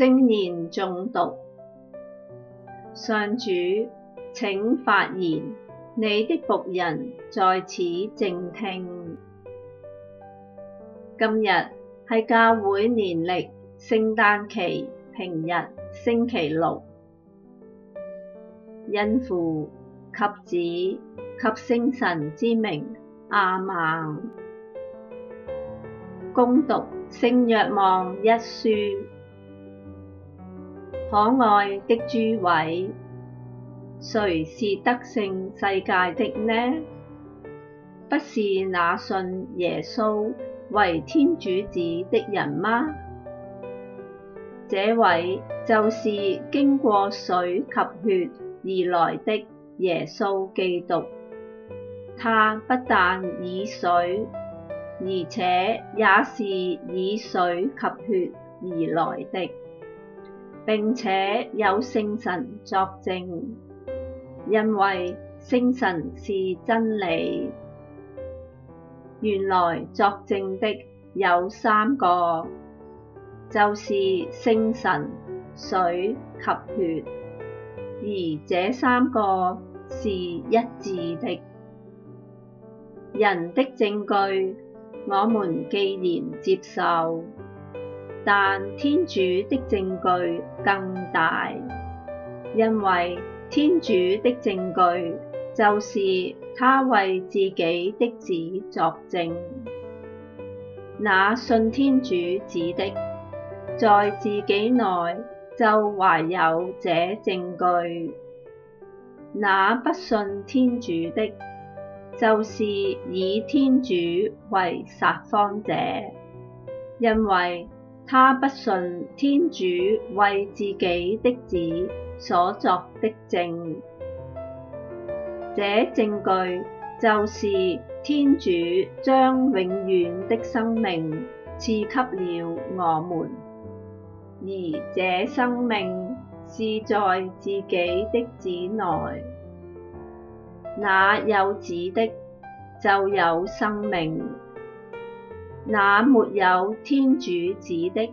聖言誦讀，上主，請發言，你的僕人在此靜聽。今日係教會年曆聖誕期平日星期六，因父及子及聖神之名亞孟。恭讀聖若望一書。可愛的諸位，誰是得勝世界的呢？不是那信耶穌為天主子的人嗎？這位就是經過水及血而來的耶穌基督。他不但以水，而且也是以水及血而來的。並且有聖神作證，因為聖神是真理。原來作證的有三個，就是聖神、水及血，而這三個是一致的。人的證據，我們既然接受。但天主的證據更大，因為天主的證據就是他為自己的子作證。那信天主子的，在自己內就懷有這證據；那不信天主的，就是以天主為撒謊者，因為，他不信天主為自己的子所作的證。這證據就是天主將永遠的生命賜給了我們，而這生命是在自己的子內。那有子的，就有生命。那沒有天主子的，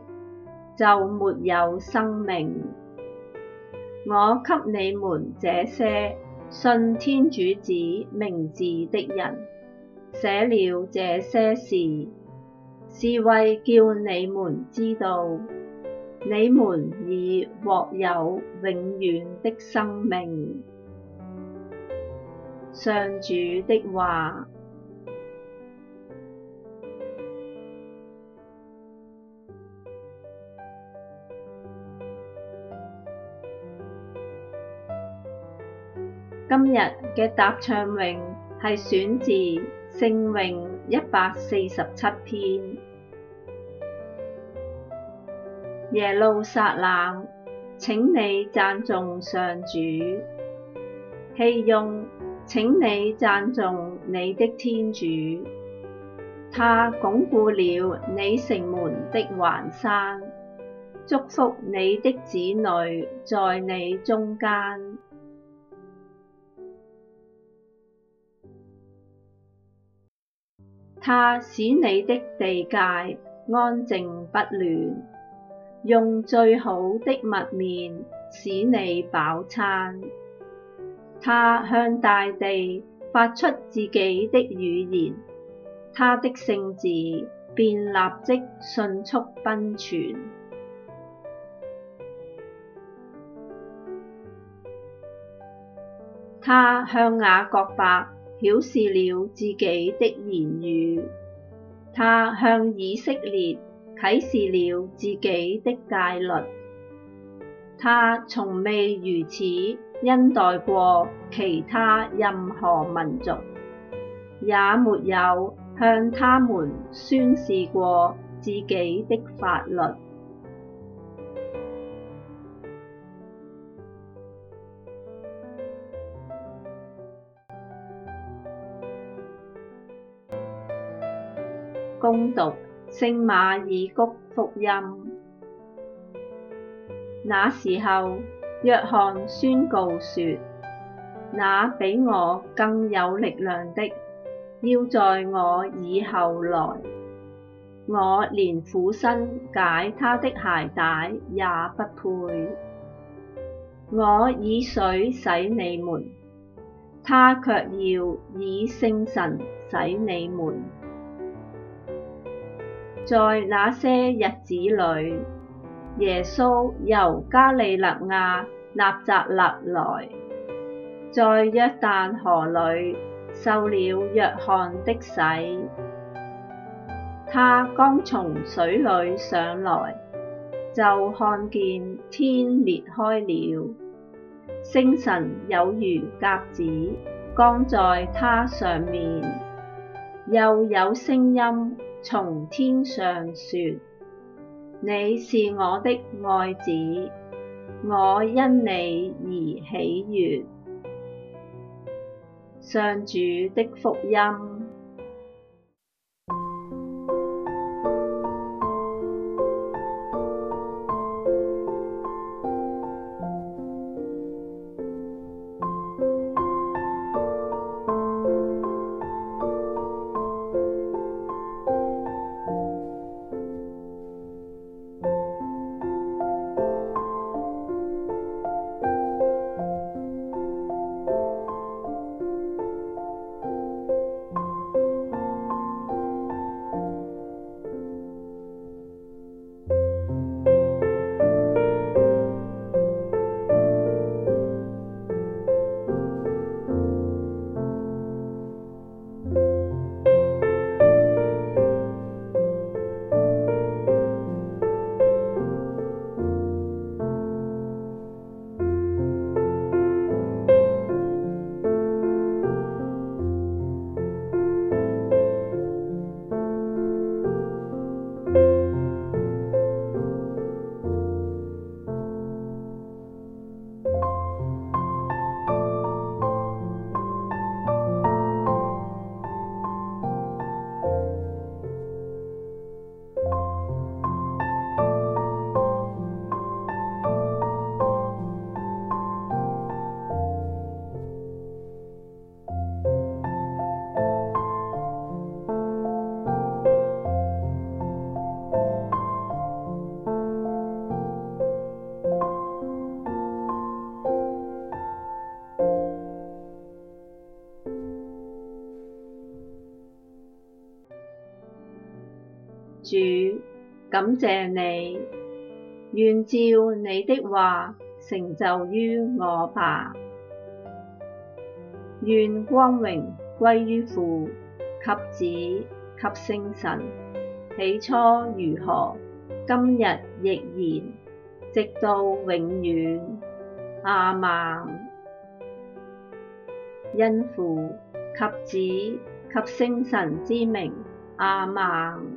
就沒有生命。我給你們這些信天主子名字的人，寫了這些事，是為叫你們知道，你們已獲有永遠的生命。上主的話。今日嘅答唱詠係選自聖詠一百四十七篇。耶路撒冷，請你讚頌上主，熙雍，請你讚頌你的天主。他鞏固了你城門的橫閂，祝福你的子女在你中間。他使你的地界安靜不亂，用最好的麥麵使你飽餐。他向大地發出自己的語言，他的聖旨便立即迅速奔傳。他向雅各伯曉示了自己的言語，他向以色列啟示了自己的誡律。他從未如此恩待過其他任何民族，也沒有向他們宣示過自己的法律。恭讀聖馬爾谷福音。那時候，若翰宣告說：那比我更有力量的，要在我以後來。我連俯身解他的鞋帶也不配。我以水洗你們，他卻要以聖神洗你們。在那些日子裡，耶穌由加里肋亞納匝肋來，在約旦河裡受了若翰的洗。他剛從水裡上來，就看見天裂開了，聖神有如鴿子降在他上面，又有聲音，從天上說，你是我的愛子，我因你而喜悅。上主的福音。主，感謝你，願照你的話成就於我吧。願光榮歸於父及子及聖神，起初如何，今日亦然，直到永遠。阿們，因父及子及聖神之名。阿們。